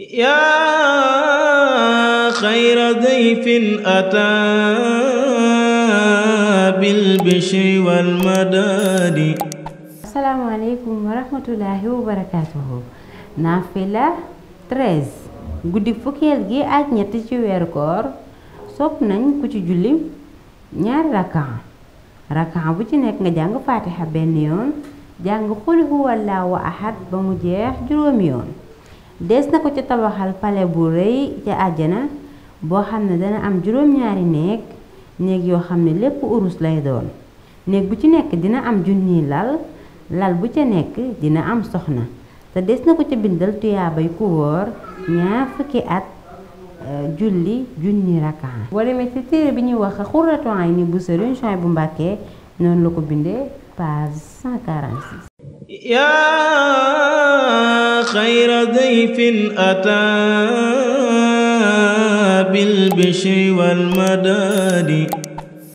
yaa xayra dayfin ataa bil bishri wal madaadi asalaamaaleykum wa rahmatullahi wa barakaatuhu naafila 13 guddi fukkeel gi ak ñett ci weeru koor sopp nañ ku ci julli ñaari rakan rakan bu ci nekk nga jàng faatixa benn yoon jàng xul huwallaahu ahad ba mu jeex juróomi yoon des na ko ci tabaxal pale bu rëy ca àjjana boo xam ne dana am juróom-ñaari néeg néeg yoo xam ne lépp urus lay doon néeg bu ci nekk dina am junniy lal lal bu ca nekk dina am soxna te des na ko ca bindal tuyaabay ku wóor ñaar fukki at euh, julli junni rakaan boo demee ci téere bi ñuy wax xurratu ayni bu sëriñ Suhaybu Mbàkke noonu la ko bindee page 146 خير ضيف أتى بالبشر والمداد